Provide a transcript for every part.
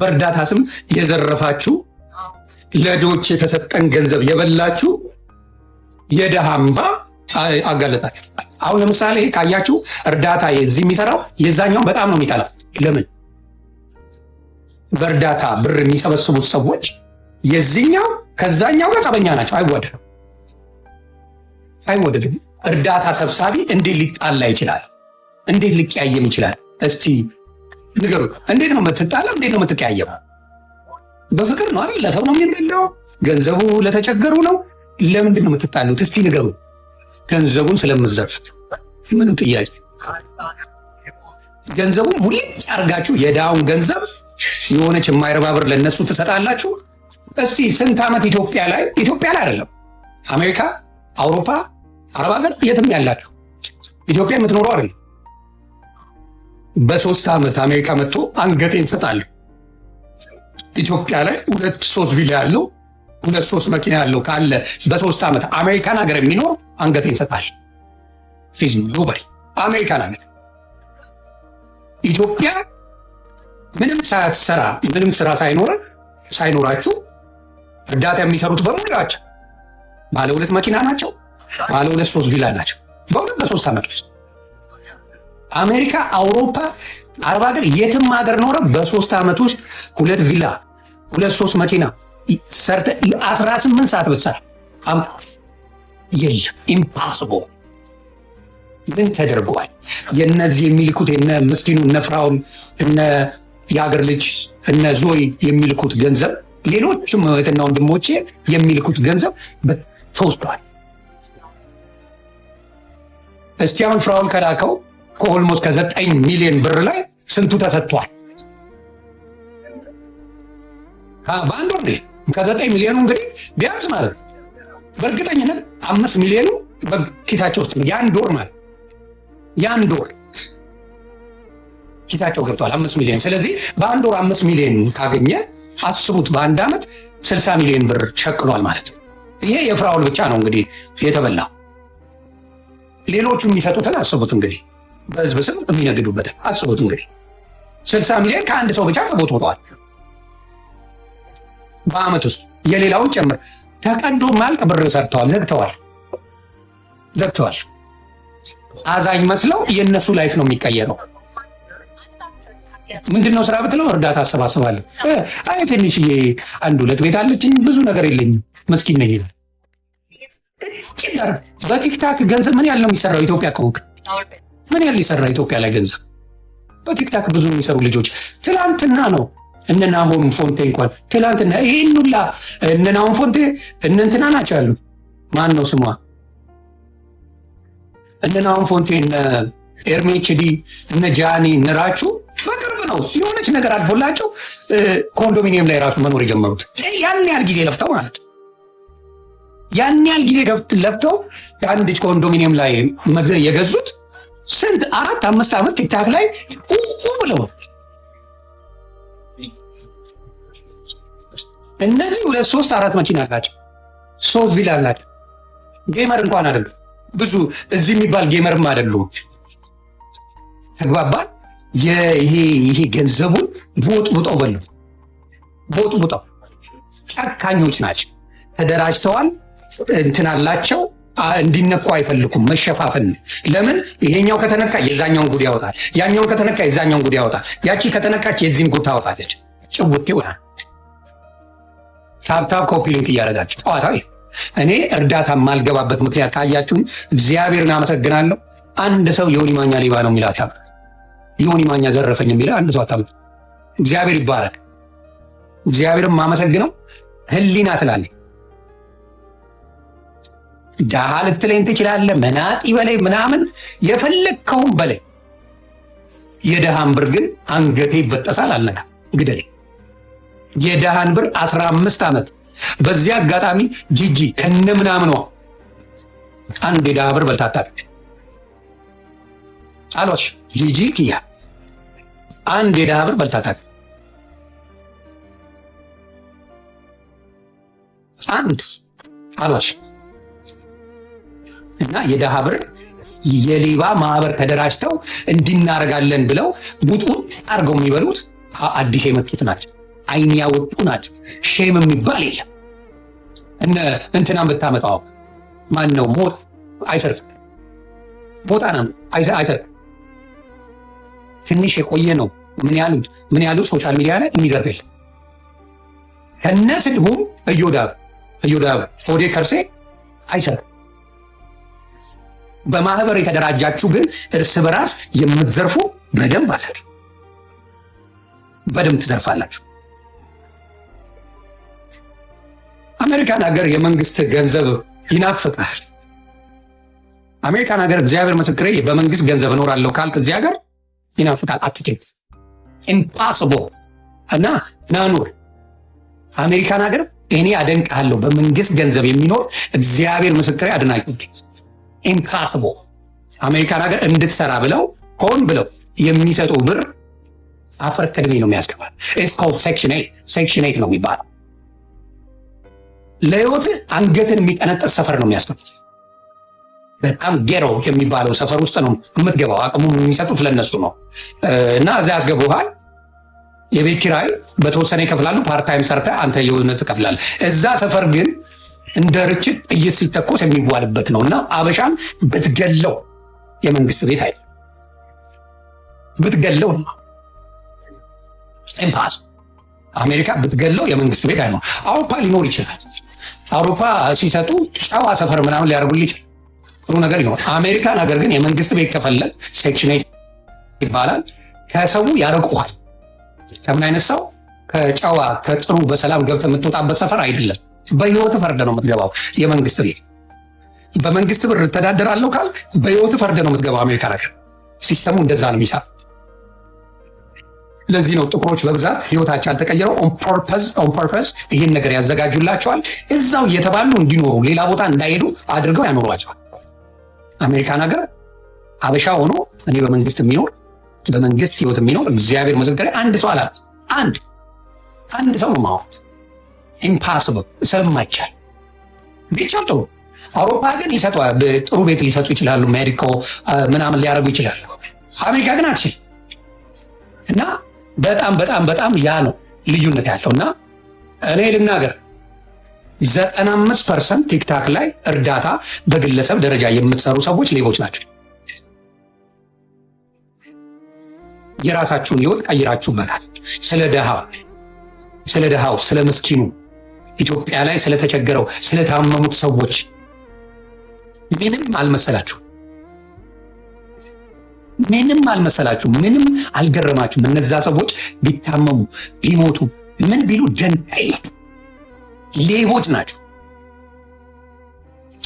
በእርዳታ ስም የዘረፋችሁ ለዶች የተሰጠን ገንዘብ የበላችሁ የድሃ እምባ አጋለጣችሁ። አሁን ለምሳሌ ካያችሁ እርዳታ የዚህ የሚሰራው የዛኛውን በጣም ነው የሚጠላው። ለምን በእርዳታ ብር የሚሰበስቡት ሰዎች የዚህኛው ከዛኛው ጋር ጸበኛ ናቸው። አይወደድም፣ አይወደድም። እርዳታ ሰብሳቢ እንዴት ሊጣላ ይችላል? እንዴት ሊቀያየም ይችላል? እስቲ ንገሩ። እንዴት ነው የምትጣለው? እንዴት ነው የምትቀያየመው? በፍቅር ነው አይደል? ለሰው ነው የሚበላው። ገንዘቡ ለተቸገሩ ነው። ለምንድን ነው የምትጣሉት? እስቲ ንገሩ። ገንዘቡን ስለምዘርፉት ምንም ጥያቄ ገንዘቡን ሙሊጭ አርጋችሁ የዳውን ገንዘብ የሆነች የማይረባብር ለነሱ ለእነሱ ትሰጣላችሁ። እስቲ ስንት ዓመት ኢትዮጵያ ላይ ኢትዮጵያ ላይ አይደለም አሜሪካ፣ አውሮፓ፣ አረብ ሀገር የትም ያላችሁ ኢትዮጵያ የምትኖረው አይደለም በሶስት ዓመት አሜሪካ መጥቶ አንገቴን ሰጣለሁ። ኢትዮጵያ ላይ ሁለት ሶስት ቪላ ያለው ሁለት ሶስት መኪና ያለው ካለ በሶስት ዓመት አሜሪካን ሀገር የሚኖር አንገቴን ሰጣለሁ። ኖበሪ አሜሪካን ሀገር ኢትዮጵያ ምንም ሳያሰራ ምንም ስራ ሳይኖረ ሳይኖራችሁ እርዳታ የሚሰሩት በሙሉ ናቸው። ባለ ሁለት መኪና ናቸው። ባለ ሁለት ሶስት ቪላ ናቸው። በሁለት በሶስት ዓመት ውስጥ አሜሪካ፣ አውሮፓ፣ አረብ ሀገር የትም ሀገር ኖረ በሶስት ዓመት ውስጥ ሁለት ቪላ ሁለት ሶስት መኪና ሰርተ አስራ ስምንት ሰዓት ብትሰራ የለም ኢምፓስቦ ምን ተደርጓል? የነዚህ የሚልኩት የነ ምስኪኑ እነ ፍራውን እነ የሀገር ልጅ እነ ዞይ የሚልኩት ገንዘብ ሌሎችም እህትና ወንድሞቼ የሚልኩት ገንዘብ ተወስዷል። እስቲ አሁን ፍራውን ከላከው ከኦልሞስት ከዘጠኝ ሚሊዮን ብር ላይ ስንቱ ተሰጥቷል? በአንድ ወር ከዘጠኝ ሚሊዮኑ እንግዲህ ቢያንስ ማለት በእርግጠኝነት አምስት ሚሊዮኑ በኪሳቸው ውስጥ የአንድ ወር ማለት የአንድ ወር ኪሳቸው ገብቷል አምስት ሚሊዮን። ስለዚህ በአንድ ወር አምስት ሚሊዮን ካገኘ አስቡት፣ በአንድ ዓመት ስልሳ ሚሊዮን ብር ሸቅሏል ማለት ነው። ይሄ የፍራውል ብቻ ነው እንግዲህ የተበላው። ሌሎቹ የሚሰጡትን አስቡት እንግዲህ በህዝብ ስም የሚነግዱበት አስቡት እንግዲህ ስልሳ ሚሊዮን ከአንድ ሰው ብቻ ከቦት ሞተዋል። በአመት ውስጥ የሌላውን ጨምር ተቀዶ ማልቅ ብር ሰርተዋል። ዘግተዋል ዘግተዋል። አዛኝ መስለው የእነሱ ላይፍ ነው የሚቀየረው። ምንድነው ስራ ብትለው እርዳታ አሰባስባለሁ። አይ ትንሽዬ አንድ ሁለት ቤት አለችኝ፣ ብዙ ነገር የለኝም፣ መስኪን ነኝ ይላል። በቲክታክ ገንዘብ ምን ያለው የሚሰራው ኢትዮጵያ ከሆንክ ምን ያህል ይሰራ ኢትዮጵያ ላይ ገንዘብ በቲክታክ ብዙ የሚሰሩ ልጆች ትላንትና ነው እነ ናሆም ፎንቴ እንኳን ትላንትና ይህን ሁላ እነ ናሆም ፎንቴ እነ እንትና ናቸው ያሉ ማን ነው ስሟ እነ ናሆም ፎንቴ እነ ኤርሜችዲ እነ ጃኒ እነ በቅርብ ነው የሆነች ነገር አልፎላቸው ኮንዶሚኒየም ላይ ራሱ መኖር የጀመሩት ያን ያህል ጊዜ ለፍተው ማለት ያን ያህል ጊዜ ለፍተው አንድ ኮንዶሚኒየም ላይ የገዙት ስንት አራት አምስት ዓመት ቲክታክ ላይ ብለው እነዚህ ሁለት ሶስት አራት መኪና አላቸው፣ ሶስት ቪላ አላቸው። ጌመር እንኳን አደሉ፣ ብዙ እዚህ የሚባል ጌመርም አይደሉም። ተግባባል። ይሄ ይሄ ገንዘቡን ቦጥቡጠው በሉ፣ ቦጥቡጠው ጨካኞች ናቸው። ተደራጅተዋል፣ እንትን አላቸው እንዲነኩ አይፈልጉም። መሸፋፈን ለምን? ይሄኛው ከተነካ የዛኛውን ጉድ ያወጣል፣ ያኛውን ከተነካ የዛኛውን ጉድ ያወጣል፣ ያቺ ከተነካች የዚህም ጉድ ታወጣለች። ጭውት ይሆናል። ታብታብ ኮፒ ሊንክ እያደረጋችሁ ጨዋታ። እኔ እርዳታ የማልገባበት ምክንያት ካያችሁን፣ እግዚአብሔርን አመሰግናለሁ። አንድ ሰው ዮኒ ማኛ ሌባ ነው የሚል አታምጡ። ዮኒ ማኛ ዘረፈኝ የሚል አንድ ሰው አታምጡ። እግዚአብሔር ይባረክ። እግዚአብሔርን ማመሰግነው ህሊና ስላለኝ ደሃ ልትለኝ ትችላለህ፣ መናጢ በላይ ምናምን የፈለግከውን በላይ የደሃን ብር ግን አንገቴ ይበጠሳል፣ አልነካም፣ ግደለኝ። የደሃን ብር አስራ አምስት ዓመት በዚያ አጋጣሚ ጂጂ ከነምናምኗ አንድ የድሃ ብር በልታታል አሏች። ጂጂ ክያ አንድ የድሃ ብር በልታታል። አንድ አሏች እና የደሃ ብር የሌባ ማህበር ተደራጅተው እንድናደርጋለን ብለው ቡጡን አድርገው የሚበሉት አዲስ የመጡት ናቸው። አይን ያወጡ ናቸው። ሼም የሚባል የለም። እነ እንትናን ብታመጣው ማን ነው ሞት አይሰር ቦታ ሞጣ አይሰር ትንሽ የቆየ ነው። ምን ያሉት ምን ያሉት ሶሻል ሚዲያ ላይ የሚዘርግ የለም። ከነ ስድቡም እዮዳብ እዮዳብ ሆዴ ከርሴ አይሰር በማህበር የተደራጃችሁ ግን እርስ በራስ የምትዘርፉ በደንብ አላችሁ፣ በደንብ ትዘርፋላችሁ። አሜሪካን ሀገር የመንግስት ገንዘብ ይናፍቃል። አሜሪካን ሀገር እግዚአብሔር ምስክሬ በመንግስት ገንዘብ እኖራለሁ ካልክ እዚህ ሀገር ይናፍቃል። አትችል ኢምፓስብል እና ናኑር አሜሪካን ሀገር እኔ አደንቃለሁ። በመንግስት ገንዘብ የሚኖር እግዚአብሔር ምስክሬ አድናቂ ኢምፓስብል አሜሪካን ሀገር እንድትሰራ ብለው ሆን ብለው የሚሰጡ ብር አፈር ከድሜ ነው የሚያስገባል። ኢትስ ኮልድ ሴክሽን ኤይት ነው የሚባለው። ለህይወት አንገትን የሚቀነጥስ ሰፈር ነው የሚያስገቡት። በጣም ጌሮ የሚባለው ሰፈር ውስጥ ነው የምትገባው። አቅሙ የሚሰጡት ለነሱ ነው እና እዚያ ያስገቡሃል። የቤት ኪራይ በተወሰነ ይከፍላሉ። ፓርታይም ሰርተ አንተ የሆነ ትከፍላለህ። እዛ ሰፈር ግን እንደ ርችት ጥይት ሲተኮስ የሚዋልበት ነው እና አበሻም ብትገለው የመንግስት ቤት አይ ብትገለው ነው ፓስ አሜሪካ ብትገለው የመንግስት ቤት አይሆን። አውሮፓ ሊኖር ይችላል። አውሮፓ ሲሰጡ ጨዋ ሰፈር ምናምን ሊያደርጉል ይችላል። ጥሩ ነገር ይኖር። አሜሪካን ሀገር ግን የመንግስት ቤት ከፈለግ ሴክሽን ይባላል። ከሰው ያረቁኋል። ከምን አይነት ሰው ከጨዋ ከጥሩ በሰላም ገብተ የምትወጣበት ሰፈር አይደለም። በህይወት ፈርደ ነው የምትገባው የመንግስት ቤት። በመንግስት ብር እተዳደራለሁ ካል በህይወት ፈርደ ነው የምትገባው አሜሪካ ሀገር። ሲስተሙ እንደዛ ነው የሚሰራ። ለዚህ ነው ጥቁሮች በብዛት ህይወታቸው ያልተቀየረው። ኦን ፐርፐዝ ይህን ነገር ያዘጋጁላቸዋል። እዛው እየተባሉ እንዲኖሩ ሌላ ቦታ እንዳይሄዱ አድርገው ያኖሯቸዋል። አሜሪካን ሀገር ሀበሻ ሆኖ እኔ በመንግስት የሚኖር በመንግስት ህይወት የሚኖር እግዚአብሔር መዘገሪያ አንድ ሰው አላት። አንድ አንድ ሰው ነው ማወት ኢምፓስብል ስለማይቻል ቢቻል ጥሩ አውሮፓ ግን ይሰጠዋል። ጥሩ ቤት ሊሰጡ ይችላሉ። ሜዲኮ ምናምን ሊያደርጉ ይችላሉ። አሜሪካ ግን አችል እና በጣም በጣም በጣም ያ ነው ልዩነት ያለው እና እኔ ልናገር ዘጠና አምስት ፐርሰንት ቲክታክ ላይ እርዳታ በግለሰብ ደረጃ የምትሰሩ ሰዎች ሌቦች ናቸው። የራሳችሁን ህይወት ቀይራችሁበታል። ስለ ድሃ ስለ ድሃው ስለ ምስኪኑ ኢትዮጵያ ላይ ስለተቸገረው ስለታመሙት ሰዎች ምንም አልመሰላችሁ፣ ምንም አልመሰላችሁ፣ ምንም አልገረማችሁም። እነዛ ሰዎች ቢታመሙ ቢሞቱ ምን ቢሉ ደንታ የላችሁ። ሌቦች ናቸው፣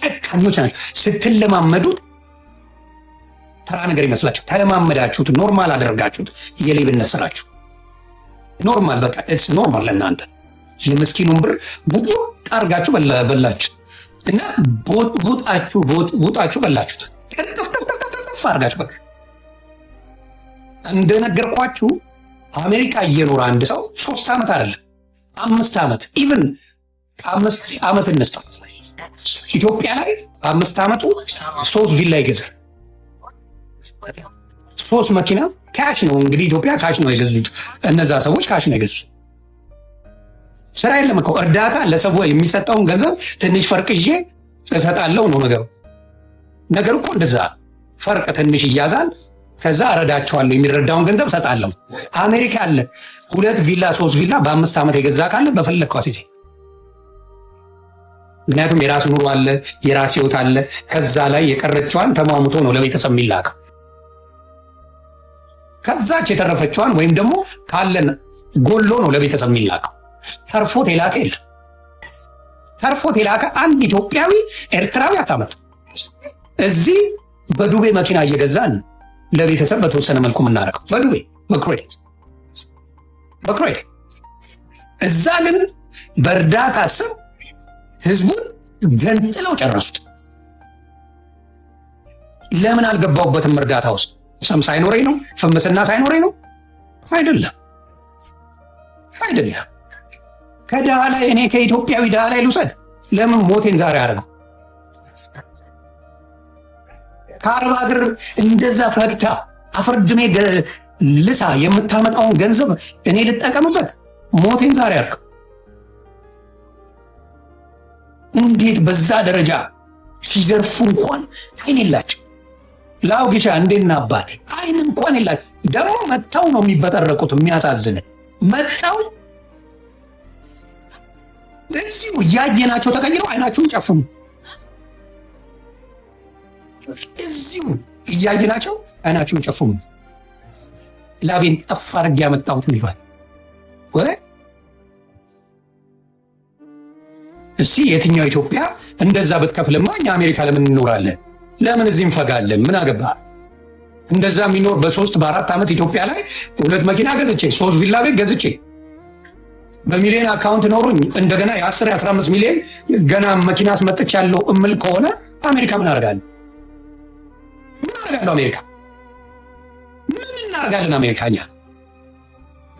ጨካኞች ናቸው። ስትለማመዱት ተራ ነገር ይመስላችሁ፣ ተለማመዳችሁት፣ ኖርማል አደረጋችሁት። የሌብነት ስራችሁ ኖርማል፣ በቃ ኖርማል ለእናንተ የምስኪኑን ብር ቡጥ አድርጋችሁ በላችሁ እና ቡጣችሁ ቡጣችሁ በላችሁት በቃ እንደነገርኳችሁ አሜሪካ እየኖረ አንድ ሰው ሶስት ዓመት አይደለም አምስት ዓመት ኢቨን አምስት ዓመት እንስጠው ኢትዮጵያ ላይ አምስት ዓመቱ ሶስት ቪላ ይገዛል። ሶስት መኪና ካሽ ነው እንግዲህ ኢትዮጵያ ካሽ ነው የገዙት እነዛ ሰዎች ካሽ ነው የገዙት። ስራ የለም እኮ እርዳታ ለሰው የሚሰጠውን ገንዘብ ትንሽ ፈርቅ ይዤ እሰጣለሁ ነው ነገሩ። ነገር እኮ እንደዛ ፈርቅ ትንሽ እያዛል፣ ከዛ እረዳቸዋለሁ። የሚረዳውን ገንዘብ እሰጣለሁ። አሜሪካ አለ ሁለት ቪላ ሶስት ቪላ በአምስት ዓመት የገዛ ካለ በፈለግከው አስይዘኝ። ምክንያቱም የራስ ኑሮ አለ፣ የራስ ህይወት አለ። ከዛ ላይ የቀረችዋን ተሟሙቶ ነው ለቤተሰብ የሚላከው። ከዛች የተረፈችዋን ወይም ደግሞ ካለን ጎሎ ነው ለቤተሰብ የሚላከው። ተርፎት የላከ የለም። ተርፎት የላከ አንድ ኢትዮጵያዊ ኤርትራዊ አታመጡ። እዚህ በዱቤ መኪና እየገዛን ለቤተሰብ በተወሰነ መልኩ የምናደርገው በዱቤ በክሬዲት በክሬዲት፣ እዛ ግን በእርዳታ ስም ህዝቡን ገንጥለው ጨረሱት። ለምን አልገባሁበትም? እርዳታ ውስጥ ስም ሳይኖረኝ ነው? ፍምስና ሳይኖረኝ ነው? አይደለም አይደለም። ከድሃ ላይ እኔ ከኢትዮጵያዊ ድሃ ላይ ልውሰድ? ለምን ሞቴን ዛሬ አረ ከአረብ ሀገር እንደዛ ፈግታ አፈርድሜ ልሳ የምታመጣውን ገንዘብ እኔ ልጠቀምበት? ሞቴን ዛሬ አደረገው። እንዴት በዛ ደረጃ ሲዘርፉ እንኳን አይን የላቸው። ላውጊሻ እንዴና አባቴ አይን እንኳን የላቸው። ደግሞ መጥተው ነው የሚበጠረቁት። የሚያሳዝንን መጥተው እዚሁ እያየናቸው ተቀይረው አይናቸውን ጨፍኑ። እዚሁ እያየናቸው አይናቸውን ጨፍኑ። ላቤን ጠፍ አድርጌ ያመጣሁት ይሏል። ወረ የትኛው ኢትዮጵያ እንደዛ ብትከፍልማ እኛ አሜሪካ ለምን እንኖራለን? ለምን እዚህ እንፈጋለን? ምን አገባ? እንደዛ የሚኖር በሶስት በአራት ዓመት ኢትዮጵያ ላይ ሁለት መኪና ገዝቼ ሶስት ቪላ ቤት ገዝቼ በሚሊዮን አካውንት ኖሩኝ እንደገና የ10 15 ሚሊዮን ገና መኪና ያለው እምል ከሆነ አሜሪካ ምን አደርጋለሁ? ምን አደርጋለሁ? አሜሪካ ምን እናደርጋለን? አሜሪካ እኛ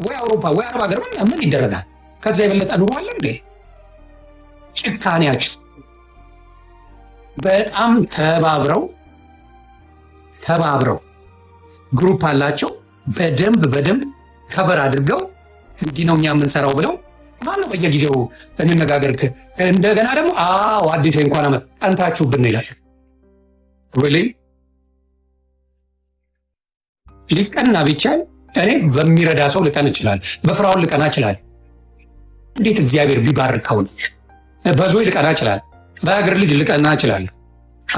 ወይ አውሮፓ ወይ አረብ ሀገር ምን ይደረጋል? ከዛ የበለጠ ኑሮ አለ እንዴ? ጭካኔያችሁ በጣም ተባብረው ተባብረው ግሩፕ አላቸው። በደንብ በደንብ ከበር አድርገው እንዲህ ነው እኛ የምንሰራው ብለው ማነው በየጊዜው እንነጋገር። እንደገና ደግሞ አዎ አዲስ እንኳን አመት ጠንታችሁብን ነው ይላል። ሊቀና ቢቻል እኔ በሚረዳ ሰው ልቀን ይችላል፣ በፍራውን ልቀና ይችላል። እንዴት እግዚአብሔር ቢባርከው በዞ ልቀና ይችላል፣ በሀገር ልጅ ልቀና ይችላል።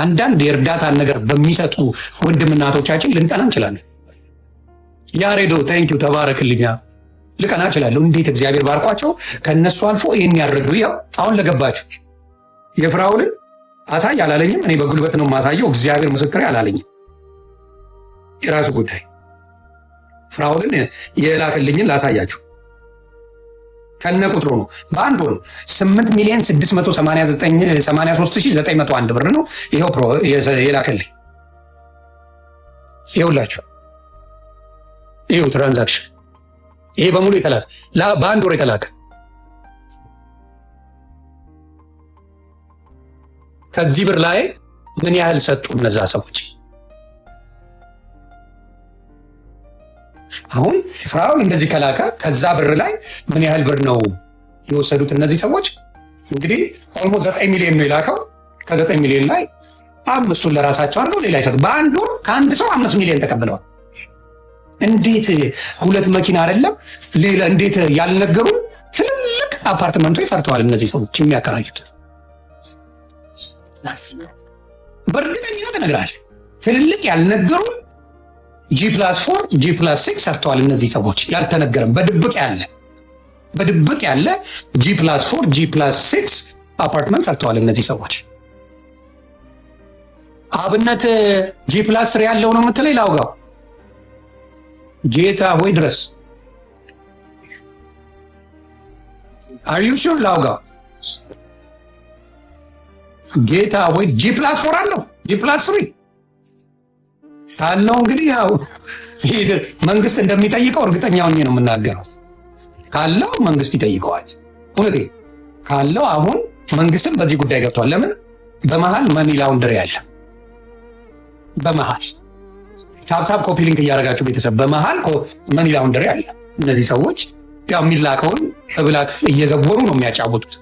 አንዳንድ የእርዳታን ነገር በሚሰጡ ወንድምናቶቻችን ልንቀና እንችላለን። ያሬዶ ታንኪዩ ተባረክልኛ ልቀና እችላለሁ። እንዴት እግዚአብሔር ባርኳቸው ከእነሱ አልፎ ይህን ያደረጉ ይኸው አሁን ለገባችሁ የፍራውልን አሳይ አላለኝም። እኔ በጉልበት ነው የማሳየው። እግዚአብሔር ምስክሬ አላለኝም። የራሱ ጉዳይ። ፍራውልን የላክልኝን ላሳያችሁ ከነ ቁጥሩ ነው። በአንድ ወር 8 ሚሊዮን 683901 ብር ነው ይኸው ፕሮ የላክልኝ ይኸውላችሁ ይኸው ትራንዛክሽን ይሄ በሙሉ የተላከ በአንድ ወር የተላከ ከዚህ ብር ላይ ምን ያህል ሰጡ እነዛ ሰዎች? አሁን ፍራውን እንደዚህ ከላከ ከዛ ብር ላይ ምን ያህል ብር ነው የወሰዱት እነዚህ ሰዎች? እንግዲህ ኦልሞስት ዘጠኝ ሚሊዮን ነው የላከው። ከዘጠኝ ሚሊዮን ላይ አምስቱን ለራሳቸው አድርገው ሌላ ይሰጡ። በአንድ ወር ከአንድ ሰው አምስት ሚሊዮን ተቀብለዋል። እንዴት ሁለት መኪና አይደለም ሌላ እንዴት ያልነገሩ ትልልቅ አፓርትመንት ላይ ሰርተዋል። እነዚህ ሰዎች የሚያከራዩት በእርግጠኝነት እነግርሃለሁ ትልልቅ ያልነገሩ ጂ ፕላስ ፎር ጂ ፕላስ ሲክስ ሰርተዋል። እነዚህ ሰዎች ያልተነገረም በድብቅ ያለ በድብቅ ያለ ጂ ፕላስ ፎር ጂ ፕላስ ሲክስ አፓርትመንት ሰርተዋል። እነዚህ ሰዎች አብነት ጂ ፕላስ ስር ያለው ነው የምትለኝ ላውጋው ጌታ ሆይ ድረስ። አር ላውጋ ጌታ ሆይ ጂ ፕላስ ፎር አለው ጂ ፕላስ ስሪ ካለው እንግዲህ ያው መንግስት እንደሚጠይቀው እርግጠኛውን ነው የምናገረው። ካለው መንግስት ይጠይቀዋል። እውነቴ ካለው አሁን መንግስትም በዚህ ጉዳይ ገብቷል። ለምን በመሃል መኒ ላውንደሪ አለ በመሀል ታፕታፕ ኮፒ ሊንክ እያደረጋችሁ ቤተሰብ በመሀል መኒ ላውንደሪ አለ። እነዚህ ሰዎች ያው የሚላከውን እብላት እየዘወሩ ነው የሚያጫወቱት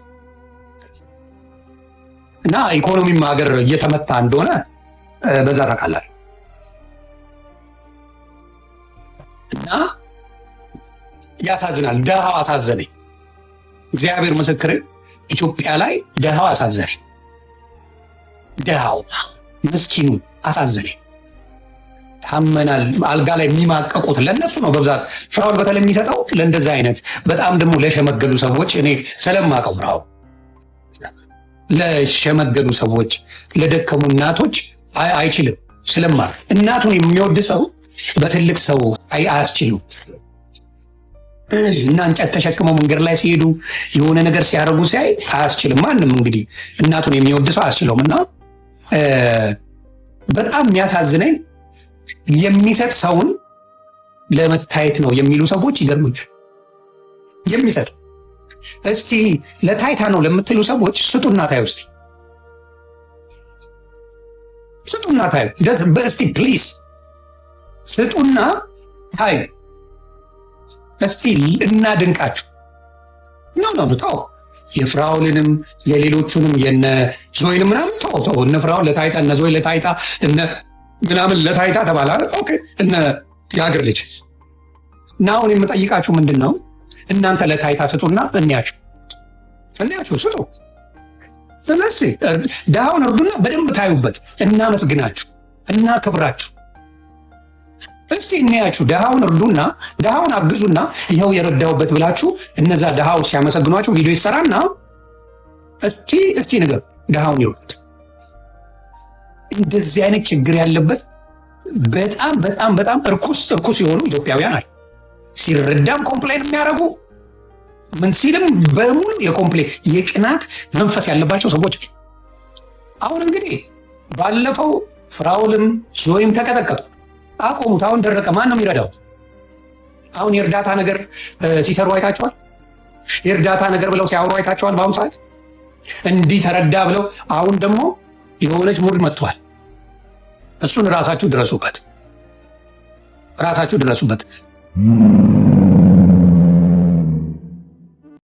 እና ኢኮኖሚም ሀገር እየተመታ እንደሆነ በዛ ታውቃላል። እና ያሳዝናል። ደሃው አሳዘነኝ። እግዚአብሔር ምስክር፣ ኢትዮጵያ ላይ ደሃው አሳዘነኝ። ደሃው ምስኪኑ አሳዘነኝ። ታመናል አልጋ ላይ የሚማቀቁት ለእነሱ ነው በብዛት ፍራኦል በተለይ የሚሰጠው ለእንደዚህ አይነት በጣም ደግሞ ለሸመገሉ ሰዎች እኔ ስለማቀው ፍራኦል ለሸመገሉ ሰዎች ለደከሙ እናቶች አይችልም ስለማ እናቱን የሚወድ ሰው በትልቅ ሰው አያስችሉ እና እንጨት ተሸክመው መንገድ ላይ ሲሄዱ የሆነ ነገር ሲያደርጉ ሲያይ አያስችልም ማንም እንግዲህ እናቱን የሚወድ ሰው አያስችለውም እና በጣም የሚያሳዝነኝ የሚሰጥ ሰውን ለመታየት ነው የሚሉ ሰዎች ይገርሙኛል። የሚሰጥ እስቲ ለታይታ ነው ለምትሉ ሰዎች ስጡና ታዩ። እስቲ ስጡና ታዩ። እስቲ ፕሊስ ስጡና ታዩ። እስቲ እናድንቃችሁ። ኖ ኖ ተው፣ የፍራውልንም የሌሎቹንም የነ ዞይን ምናምን ተው ተው። እነ ፍራውል ለታይታ እነ ዞይ ለታይታ እነ ምናምን ለታይታ ተባለ አለ እነ የሀገር ልጅ እና አሁን የምጠይቃችሁ ምንድን ነው? እናንተ ለታይታ ስጡና እንያችሁ እንያችሁ ስጡ። ስለዚህ ድሃውን እርዱና በደንብ ታዩበት። እናመስግናችሁ፣ እናክብራችሁ። እስቲ እንያችሁ። ድሃውን እርዱና ድሃውን አግዙና ይኸው የረዳውበት ብላችሁ እነዛ ድሃው ሲያመሰግኗችሁ ቪዲዮ ይሰራና እስቲ እስቲ ነገር ድሃውን ይወዱት እንደዚህ አይነት ችግር ያለበት በጣም በጣም በጣም እርኩስ እርኩስ የሆኑ ኢትዮጵያውያን አሉ። ሲረዳም ኮምፕሌን የሚያደርጉ ምን ሲልም በሙሉ የኮምፕሌን የቅናት መንፈስ ያለባቸው ሰዎች አሁን እንግዲህ ባለፈው ፍራውልም ዞይም ተቀጠቀጡ፣ አቆሙት። አሁን ደረቀ። ማን ነው የሚረዳው? አሁን የእርዳታ ነገር ሲሰሩ አይታቸዋል። የእርዳታ ነገር ብለው ሲያወሩ አይታቸዋል። በአሁኑ ሰዓት እንዲህ ተረዳ ብለው አሁን ደግሞ የሆነች ሙር መጥቷል። እሱን ራሳችሁ ድረሱበት፣ ራሳችሁ ድረሱበት።